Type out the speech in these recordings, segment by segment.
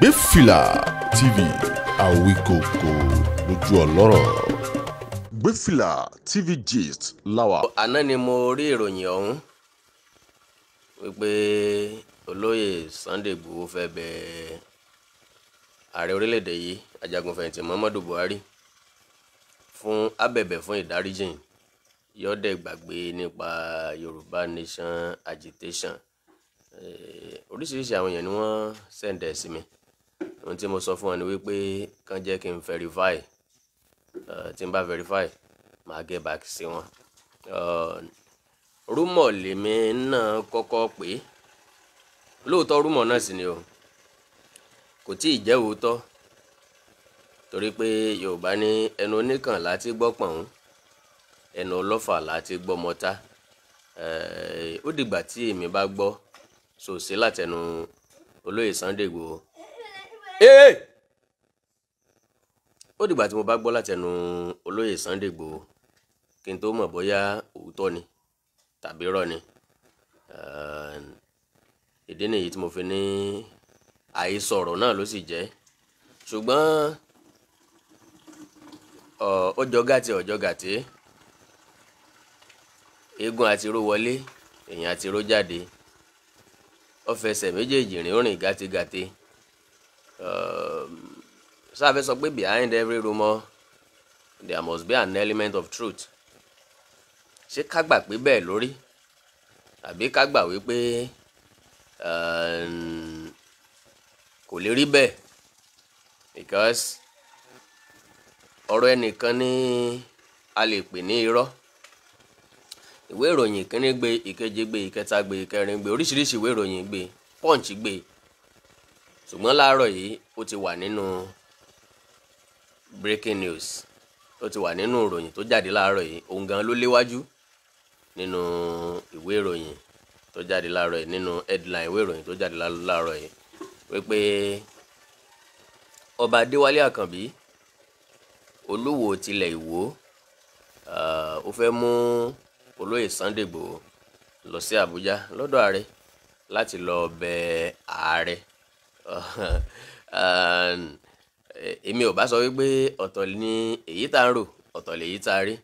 Gbẹ́fìlà TV àwíkòkò lójú ọlọ́rọ̀. Gbẹ́fìlà TV gist láwa. àná ni mo rí ìròyìn ọ̀hún wípé olóyè Sunday Igboho fẹ́ bẹ ààrẹ orílẹ̀-èdè yìí ajagunfẹ̀yìntì Muhammadu Buhari fún abẹ̀bẹ̀ fún ìdáríjìn yọ́dẹ̀ gbàgbé nípa Yorùbá Nation agitation oríṣiríṣi àwọn èèyàn ni wọ́n sẹ̀ǹdẹ̀ sí mi ohun tí mo sọ fún ọ ni wípé kàn jẹ́ kí n verify uh, tí n bá verify màá get back sí wọn. Eh, rúmọ̀ lèmi náà kọ́kọ́ pé lóòótọ́ rúmọ̀ náà sì ni o kò tí ì jẹ́ òótọ́ torí pé yorùbá ní ẹnu oníkàn láti gbọ́ pọ̀n ẹnu ọlọ́fà láti gbọ́ mọ́ta eh, ó dìgbà tí èmi bá gbọ́ sòsí látẹnu olóyè Sunday Igboho ee ó dìgbà tí mo bá gbọ́ látẹnu olóyè Sunday Igboho kí n tó mọ̀ bóyá òótọ́ ni tàbí rọ́ ni ìdí nìyí tí mo fi ní àìsọ̀rọ̀ náà ló sì jẹ́ ṣùgbọ́n ọjọ́ gàtí ọjọ́ gàtí eégún àti ró wọlé èèyàn àti ró jáde ó fẹsẹ̀ méjèèjì rìn ó rìn gàtégàté sáfẹ́ sọ pé behind every rumour there must be an element of truth ṣé ká gbà pé bẹ́ẹ̀ lórí àbí ká gbà wípé ehm, kò lè rí bẹ́ẹ̀ because ọ̀rọ̀ ẹnìkan ní a lè pè ní irọ́ ìwé ìròyìn kínní gbé ìkejì gbé ìkẹta gbé ìkẹrin gbé oríṣiríṣi ìwé ìròyìn gbé punch gbé ṣùgbọ́n láàárọ̀ yìí ó ti wà nínú breaking news ó ti wà nínú ìròyìn tó jáde láàárọ̀ yìí òun gan ló léwájú nínú ìwé ìròyìn tó jáde láàárọ̀ yìí nínú headline ìwé ìròyìn tó jáde láàárọ̀ yìí wípé ọba adéwálé àkànbí olúwo tilẹ̀ ìwó ah, ó fẹ́ mú olóyè sunday igbòho lọ sí àbújá lọ́dọ̀ ààrẹ láti lọ bẹ ààrẹ E, èmi ò bá sọ wípé ọ̀tọ̀ ni èyí tá ń rò ọ̀tọ̀ lèyí tá a rí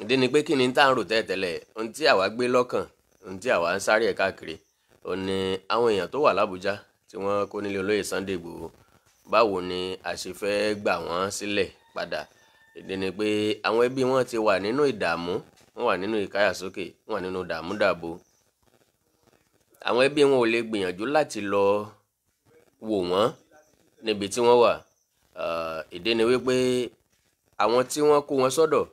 ìdí ni pé kí ni tá ń rò tẹ́tẹ́lẹ̀ ohun tí àwa gbé lọ́kàn ohun tí àwa ń sáré ẹ̀ káàkiri òun ni àwọn èèyàn tó wà lábújá tí wọ́n kó nílé olóyè Sunday Igboho báwo ni a ṣe fẹ́ gbà wọ́n sílẹ̀ padà ìdí ni pé àwọn ẹbí wọn ti wà nínú ìdààmú wọn wà nínú ìkáyàsókè wọn wà nínú dààmú dààbò àwọn ẹbí wọn ò lè gbìyànjú láti lọ wò wọ́n níbi tí wọ́n wà ìdí ni wípé àwọn tí wọ́n kó wọn sọ́dọ̀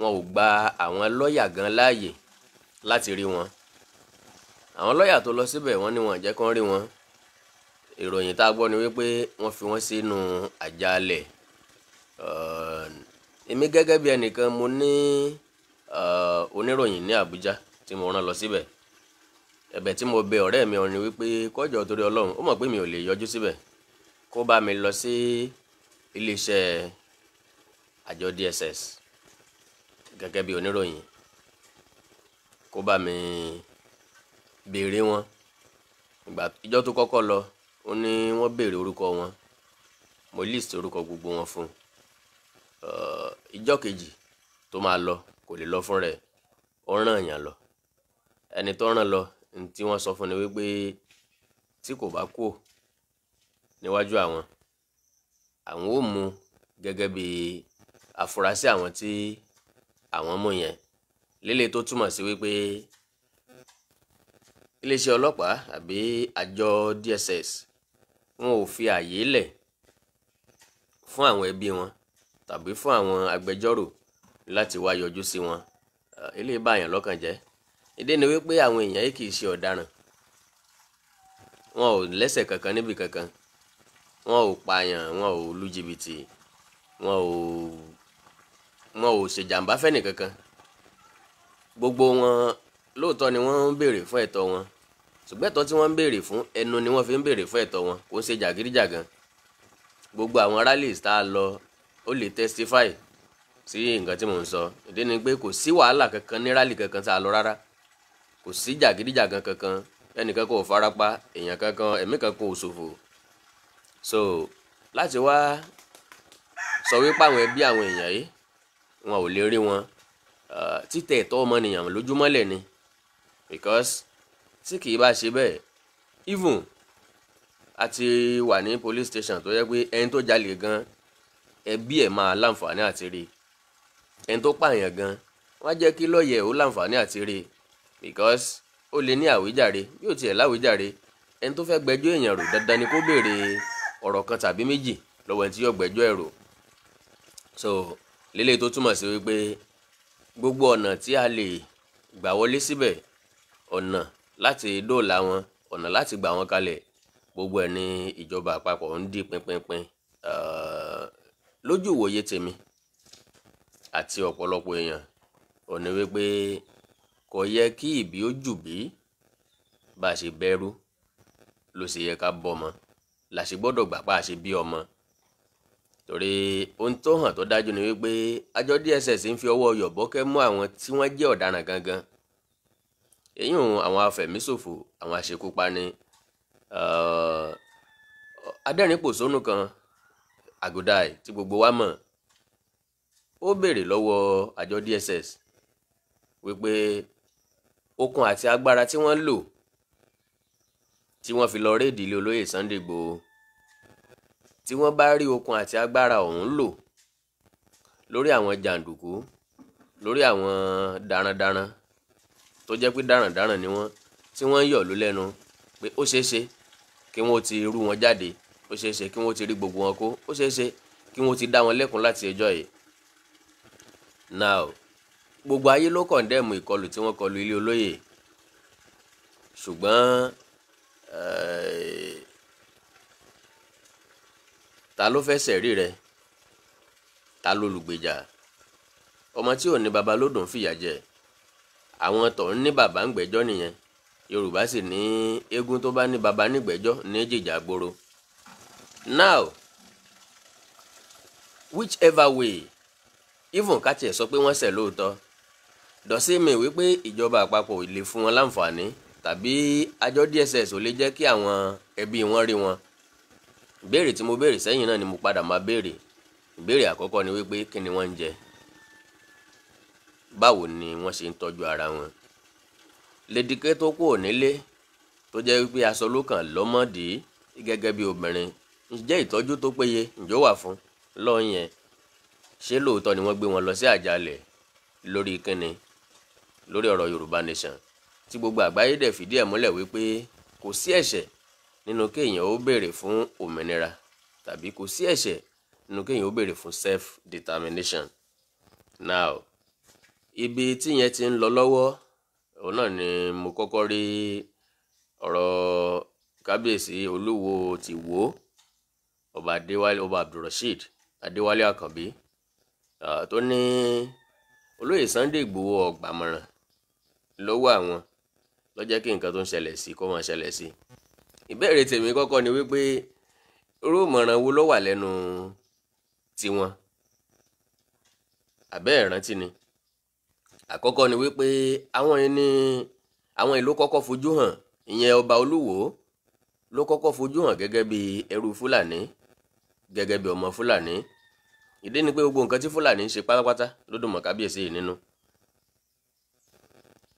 wọn ò gba àwọn lọ́ọ̀yà gan láàyè láti rí wọn àwọn lọ́ọ̀yà tó lọ síbẹ̀ wọ́n ní wọn jẹ́ kán rí wọn ìròyìn tá a gbọ́ ni wípé wọ́n fi wọ́n sínú àjàalẹ̀ èmi gẹ́gẹ́ bí ẹnìkan mo ní oníròyìn ní Àbújá tí mo rán lọ síbẹ̀ ẹ̀bẹ̀ tí mo bẹ ọ̀rẹ́ mi ọ̀rìn wípé kọjọ torí Ọlọ́run ó mọ̀ pé mi ò lè yọjú síbẹ̀ kó bá mi lọ sí iléeṣẹ́ àjọ DSS gẹ́gẹ́ bí oníròyìn kó bá mi béèrè wọn ìgbà ìjọ tó kọ́kọ́ lọ ó ní wọ́n béèrè orúkọ wọn mo list orúkọ gbogbo wọn fún un ìjọ kejì tó máa lọ kò lè lọ fún rẹ̀ ó ràn yàn lọ ẹni tó ràn lọ ntí wọ́n sọ fún ni wípé tí kò bá kú níwájú àwọn àwọn ò mú gẹ́gẹ́ bí afurasí àwọn tí àwọn mú yẹn líle tó túmọ̀ sí wípé iléeṣẹ́ ọlọ́pàá àbí àjọ DSS wọn ò fi àyè lẹ̀ fún àwọn ẹbí wọn tàbí fún àwọn agbẹjọ́rò láti wá yọjú sí wọn eléyìí bá èèyàn lọ́kàn ìdí ni wípé àwọn èèyàn yìí kì í ṣe ọ̀daràn wọn ò lẹ́sẹ̀ kankan níbi kankan wọn ò pààyàn wọn ò lu jìbìtì wọn ò wọn ò ṣèjàmbá fẹ́ni kankan gbogbo wọn lóòótọ́ ni wọ́n ń béèrè fún ẹ̀tọ́ wọn ṣùgbọ́n ẹ̀tọ́ tí wọ́n ń béèrè fún ẹnu ni wọ́n fi ń béèrè fún ẹ̀tọ́ wọn kò ń ṣe jàgídíjàgan gbogbo àwọn rallies tá a lọ ó lè testify sí nǹkan tí mò ń sọ ìdí ni pé kò sí wàhálà kankan ní rally kankan tá a lọ rárá kò sí jàgídíjàgan kankan ẹnìkan kò farapa èèyàn kankan ẹ̀mí kan kò ṣòfò so láti wá sọ wípé àwọn ẹbí àwọn èèyàn yìí wọn ò lè rí wọn eh, títẹ̀ ẹ̀tọ́ ọmọnìyàn lójúmọ́lẹ̀ ni because tí kì í bá ṣe bẹ́ẹ̀ even a ti wà ní police station tó yẹ pé ẹni tó jalè gan ẹbí ẹ̀ máa láǹfààní àti rí ẹni tó pààyàn gan wọ́n á jẹ́ kí lọ́ọ̀yẹ̀ ó láǹfààní àti rí because ó lè ní àwíjàre bí ó tiẹ̀ e láwíjàre ẹni tó fẹ́ gbẹ́jọ́ èèyàn rò dandan ni kó béèrè ọ̀rọ̀ kan tàbí méjì lọ́wọ́ ẹni tí yóò gbẹ́jọ́ ẹ̀ e rò so lélẹ́yìí tó túmọ̀ sí wípé gbogbo ọ̀nà tí a lè gbà wọlé síbẹ̀ ọ̀nà láti dóòlà wọn ọ̀nà láti gbà wọn kalẹ̀ gbogbo ẹ̀ e ní ìjọba àpapọ̀ ń dí pínpínpín eh, lójú ìwòye tèmi àti ọ̀pọ̀lọpọ̀ èèyàn ó wípé kò yẹ kí ìbí ó jù bí bá a ṣe bẹ́rú ló ṣe yẹ ká bọ́mọ la ṣe gbọ́dọ̀ gbà pa àṣẹ bí ọmọ torí ohun tó hàn tó dájú ni wípé àjọ DSS ń fi ọwọ́ yọ̀bọ́kẹ́ mú àwọn tí wọ́n jẹ́ ọ̀daràn gangan èyí òun àwọn afẹ̀míṣòfò àwọn àṣekúpani adẹ́rìnpòṣónú kan àgùdàì tí gbogbo wa mọ̀ ó béèrè lọ́wọ́ àjọ DSS wípé okun àti agbára tí wọ́n lò tí wọ́n fi lọ réèdì ilé olóyè Sunday Igboho tí wọ́n bá rí okun àti agbára ọ̀hún lò lórí àwọn jàǹdùkú lórí àwọn darandaran tó jẹ́ pé darandaran ni wọ́n tí wọ́n ń yọ̀ ló lẹ́nu pé ó ṣeé ṣe kí wọ́n ti rú wọn jáde ó ṣeé ṣe kí wọ́n ti rí gbogbo wọn kó ó ṣeé ṣe kí wọ́n ti dá wọn lẹ́kun láti ẹjọ́ yìí now gbogbo ayé ló kọ̀ndẹ́mù ìkọlù tí wọ́n kọlù ilé olóyè ṣùgbọ́n eh, ta ló fẹ́ sẹ̀rí rẹ̀ ta ló lùgbèjà ọmọ tí ò ní baba ló dùn fìyà jẹ àwọn tó ń ní baba ń gbẹ́jọ́ nìyẹn yorùbá sì ní eégún tó bá ní baba nígbẹ́jọ́ ní jìjà gbòòrò now whichever way even ká tiẹ̀ sọ pé wọ́n ṣẹ̀ lóòótọ́ dọ́símì wípé ìjọba àpapọ̀ lè fún wọn láǹfààní tàbí àjọ DSS ò lè jẹ́ kí àwọn ẹbí wọn rí wọn ìbéèrè tí mo béèrè sẹ́yìn náà ni mo padà máa béèrè ìbéèrè àkọ́kọ́ ni wípé kí ni wọ́n ń jẹ báwo ni wọ́n ṣe ń tọ́jú ara wọn lédìké tó kù nílé tó jẹ́ wípé aṣọ ló kàn lọ́mọdé gẹ́gẹ́ bí obìnrin ǹjẹ́ ìtọ́jú tó péye ǹjọ́ wà fún lọ́yẹn ṣé lóòótọ́ ni wọ́n gbé wọn lọ sí àjálẹ̀ lórí kínni lórí ọ̀rọ̀ Yorùbá Nation tí gbogbo àgbáyé dẹ̀ fìdí ẹ̀ múlẹ̀ wípé kò sí ẹ̀ṣẹ̀ nínú kéèyàn ó béèrè fún òmìnira tàbí kò sí ẹ̀ṣẹ̀ nínú kéèyàn ó béèrè fún self determination now ibi tí yẹn ti ń lọ lọ́wọ́ òun náà ni mo kọ́kọ́ rí ọ̀rọ̀ kábíyèsí olúwo ti wò ó ọba adéwálé ọba abdulrasheed adéwálé àkànbí tó ní olóyè sunday ìgbòho ọgbàmọ̀ràn lọ́wọ́ àwọn ló jẹ́ kí nǹkan tó ń ṣẹlẹ̀ sí kó máa ṣẹlẹ̀ sí. ìbéèrè tèmi kọ́kọ́ ni wípé irú ìmọ̀ràn wo ló wà lẹ́nu tiwọn àbẹ́ ìrántí ni àkọ́kọ́ ni wípé àwọn ẹni àwọn ìlú kọ́kọ́ fojú hàn ìyẹn ọba olúwo ló kọ́kọ́ fojú hàn gẹ́gẹ́ bí ẹrú fúlàní gẹ́gẹ́ bí ọmọ fúlàní ìdí ni pé gbogbo nǹkan tí fúlàní ń ṣe pátápátá ló dùn kábíyèsí yìí nínú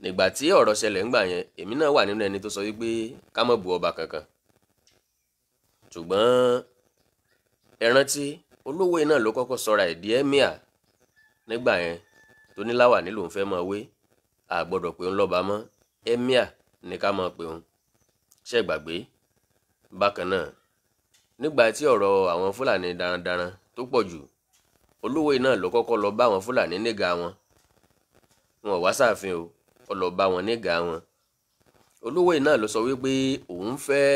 nígbà tí ọ̀rọ̀ ṣẹlẹ̀ ń gbà yẹn èmi náà wà nínú ẹni tó sọ wípé ká má bu ọba kankan ṣùgbọ́n ẹ rántí olówó iná ló kọ́kọ́ sọra ìdí ẹ́míà nígbà yẹn tó ní Láwàní lòun fẹ́ mọ wé àgbọ́dọ̀ pé ń lọ́ba mọ́ ẹ́míà ní ká mọ pé òun ṣe gbàgbé bákan náà nígbà tí ọ̀rọ̀ àwọn Fúlàní darandaran tó pọ̀ jù olówó iná ló kọ́kọ́ lọ bá àwọn Fúlàní nígà wọn wọn wá sáàfin o ó lọ bá wọn nígà wọn olówó iná ló sọ wípé òun fẹ́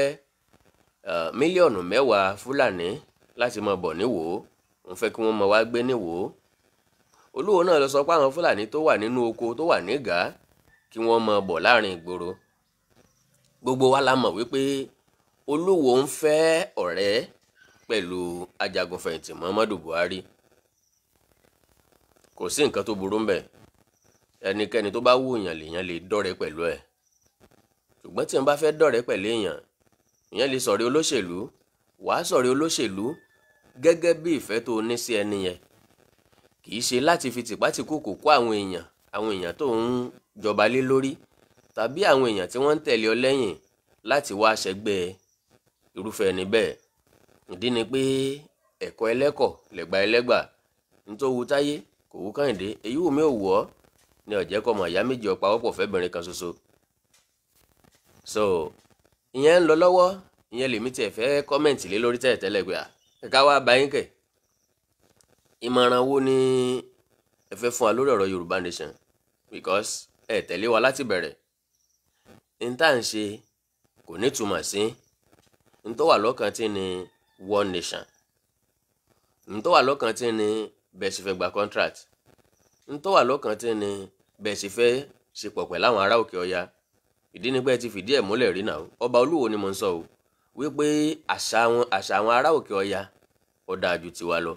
mílíọ̀nù mẹ́wàá fúlàní láti máa bọ̀ níwò òun fẹ́ kí wọ́n máa wá gbé níwò olówó náà ló sọ pé àwọn fúlàní tó wà nínú oko tó wà nígà kí wọ́n máa bọ̀ láàrin ìgboro gbogbo wa la mọ̀ wípé olówó ń fẹ́ ọ̀rẹ́ pẹ̀lú ajagunfẹ̀yìntì Muhammadu Buhari kò sí nǹkan tó burú ń ẹnikẹ́ni tó bá wù yàn lèèyàn lè dọ́rẹ̀ẹ́ pẹ̀lú ẹ̀ ṣùgbọ́n tí n bá fẹ́ dọ́rẹ̀ẹ́ pẹ̀lú èèyàn ìyẹn lè sọ̀rí olóṣèlú wàá sọ̀rí olóṣèlú gẹ́gẹ́ bí ìfẹ́ tó ní sí ẹni yẹn kì í ṣe láti fi tìpátìkùkù kó àwọn èèyàn àwọn èèyàn tó ń jọba lé lórí tàbí àwọn èèyàn tí wọ́n ń tẹ̀lé ọ lẹ́yìn láti wá aṣẹ́gbẹ́ irúfẹ́ ẹni bẹ́ẹ̀ ìdí ni pé ẹ̀kọ́ ẹlẹ́kọ̀ lẹ̀gbà ẹlẹ́gbà nítòwú táyé kò wú Kẹ́hìndé èyí wù mí ò wù ọ́ ní ọ̀jẹ́ kọ́ ọmọ ìyá méjì ọ̀pá ọ̀pọ̀ fẹ́bìnrin kan ṣoṣo so ìyẹn ń lọ lọ́wọ́ ìyẹn lèmi tiẹ̀ fẹ́ kọ́mẹ̀ntì lé lórí tẹ́lẹ̀tẹ́lẹ̀ gbé à ká wá bá yín kẹ̀ ìmọ̀ràn wo ni ẹ fẹ́ fún wa lórí ọ̀rọ̀ Yorùbá Nation because ẹ tẹ̀lé wa láti bẹ̀rẹ̀ n tá à ń ṣe kò ní túmọ̀ sí n tó wà lọ́kàn tí ni One Nation n tó wà lọ́kàn tí ni bẹ́ẹ̀ sì fẹ́ gba contract ń tó wà lọ́kàn tí ni bẹ́ẹ̀ ṣe fẹ́ ṣe pọ̀ pẹ̀lú àwọn ará òkè ọya ìdí ni pé ẹ ti fìdí ẹ̀ múlẹ̀ rí náà ọba olúwo ni mo ń sọ o wípé àṣà àwọn àṣà àwọn ará òkè ọya ó dáa ju tiwa lọ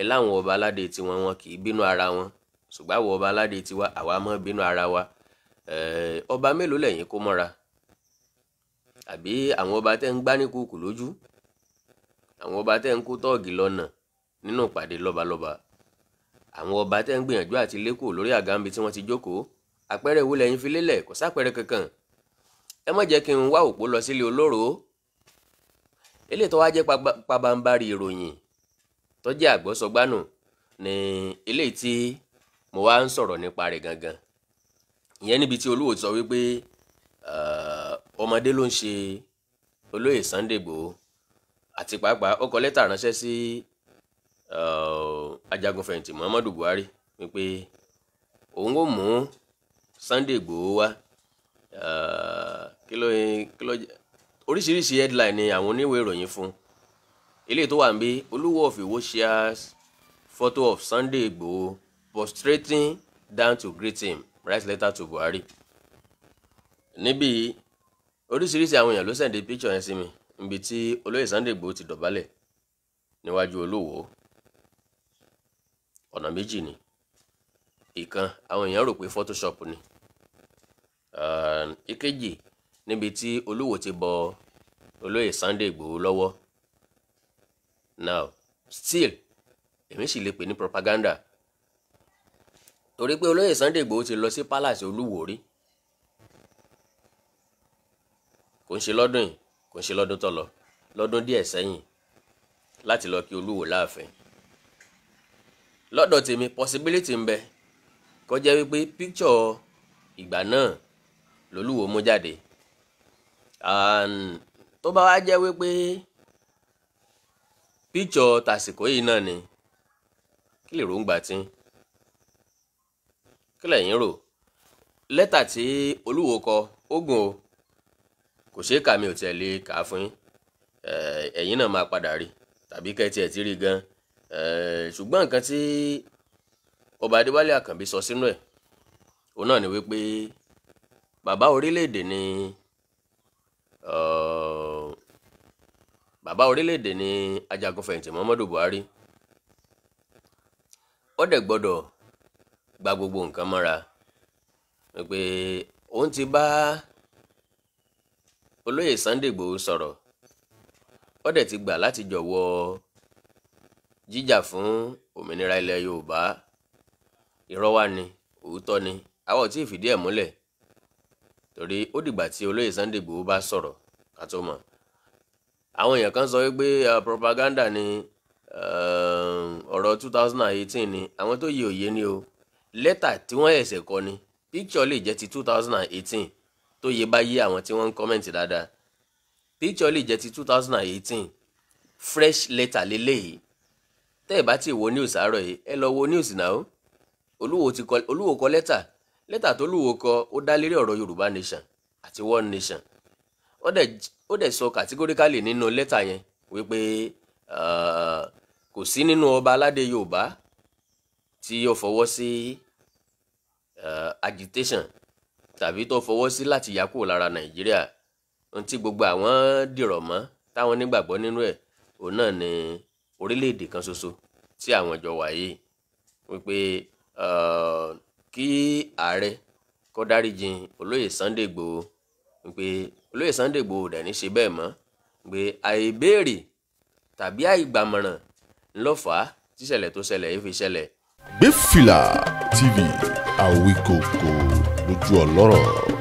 ẹ láwọn ọba aládé tiwọn wọn kì í bínú ara wọn ṣùgbọ́n àwọn ọba aládé tiwa àwa máa bínú ara wa ọba mélòó lẹ́yìn kó mọ́ra àbí àwọn ọba tẹ́ ń gbá ní kúkú lójú àwọn ọba tẹ́ ń kó tọ́ọ̀gì lọ́nà nínú ìpàdé lọ́balọ́ba àwọn ọba tẹ́ ń gbìyànjú àti lékò lórí àgàmbi tí wọ́n ti jókòó àpẹẹrẹ wo lẹ́yìn fi lélẹ̀ kò sápẹẹrẹ kankan ẹ má jẹ́ kí n wá òpó lọ sílé olóró eléyìí tó wá jẹ́ pabambarì ìròyìn tó jẹ́ àgbọ́sọgbánù ni eléyìí tí mo wá ń sọ̀rọ̀ nípa rẹ̀ gangan ìyẹn níbi tí olúwo sọ wípé ọmọdé ló ń ṣe olóyè Sunday Igboho àti pàápàá ó kọ lẹ́tà ránṣẹ́ sí ajagunfẹ̀yìntì muhammadu buhari wípé òun ò mú sunday igbòho wá kí ló kí ló oríṣiríṣi headline ni àwọn oníwèé ìròyìn fún eléyìí tó wà ń bí olúwo of Iwo photo of sunday igbòho prostrating down to greet him write letter to buhari níbi oríṣiríṣi àwọn èèyàn ló sẹ̀ǹdẹ̀ picture yẹn sí mi níbi tí olóyè sunday igbòho ti dọ̀bálẹ̀ níwájú olúwo ọ̀nà méjì ni ìkan àwọn èèyàn rò pé photoshop ni ìkejì níbi tí olúwo ti bọ olóyè Sunday Ìgbòho lọ́wọ́ now still èmi sì lè pè ní propaganda torí pé olóyè Sunday Ìgbòho ti lọ sí palace olúwo rí kò ń ṣe lọ́dún yìí kò ń ṣe lọ́dún tó lọ lọ́dún díẹ̀ sẹ́yìn láti lọ kí olúwo láàfin lọ́dọ̀ tèmi possibility ń bẹ kó wípé picture ìgbà náà lolúwo mú jáde tó bá wá jẹ́ wípé picture tàsìkò yìí náà ni kí lè ròǹgbà tí kí lẹ̀yin rò lẹ́tà tí olúwo kọ ogun o kò ṣeé kà mí ò tiẹ̀ kà á fún yín ẹ̀yin náà máa padà rí tàbí kẹ́ tiẹ̀ ti rí gan-an Eh, ṣùgbọ́n nǹkan tí ọba adéwálé àkànbí sọ sínú ẹ̀ òun náà ni wípé bàbá orílẹ̀-èdè ni eh, bàbá orílẹ̀-èdè ni ajagunfẹ̀yìntì muhammadu buhari ó dẹ̀ gbọ́dọ̀ gba gbogbo nǹkan mọ́ra wípé òun ti bá olóyè Sunday Igboho sọ̀rọ̀ ó dẹ̀ ti gbà láti jọ̀wọ́ jíjà fún òmìnira ilẹ̀ yorùbá irọ́ wà òótọ́ ni àwọn tí ì fìdí ẹ̀ múlẹ̀ torí ó dìgbà tí olóyè Sunday Igboho bá sọ̀rọ̀ ká tó mọ̀ àwọn èèyàn kan sọ wípé ah, propaganda ni eh, ọ̀rọ̀ two thousand and eighteen ni àwọn tó yẹ òye ni o lẹ́tà tí wọ́n ẹ̀sẹ̀ kọ ni picture lè jẹ́ ti two thousand and eighteen tó yẹ bá yé àwọn tí wọ́n ń kọ́mẹ̀ntì dáadáa picture lè jẹ́ ti two thousand and eighteen fresh letter lélẹ́yìí tẹ́ ẹ̀ bá ti wo news àárọ̀ yìí ẹ lọ wo news náà olúwo ti kọ olúwo kọ lẹ́tà lẹ́tà tó olúwo kọ ó dá lérí ọ̀rọ̀ yorùbá nation àti one nation ó dẹ̀ ó dẹ̀ sọ kàtígóríkálì nínú lẹ́tà yẹn wípé kò sí nínú ọba aládé yorùbá tí ó fọwọ́ sí agitation tàbí tó fọwọ́ sí láti yà kúrò lára nàìjíríà ohun tí gbogbo àwọn dìrọ̀ mọ́ táwọn nígbàgbọ́ nínú ẹ̀ òun náà ni orílẹ̀-èdè kan ṣoṣo tí àwọn jọ wà yìí wípé kí ààrẹ kó dáríjìn olóyè Sunday Igboho wípé olóyè Sunday Igboho dẹ̀ ní ṣe bẹ́ẹ̀ mọ́ pé àìbéèrè tàbí àìgbàmọ̀ràn ńlọ́fà tíṣẹ̀lẹ̀ tó ṣẹlẹ̀ yìí fi ṣẹlẹ̀. Gbẹ́fìlà TV àwíkòkò lójú ọlọ́rọ̀.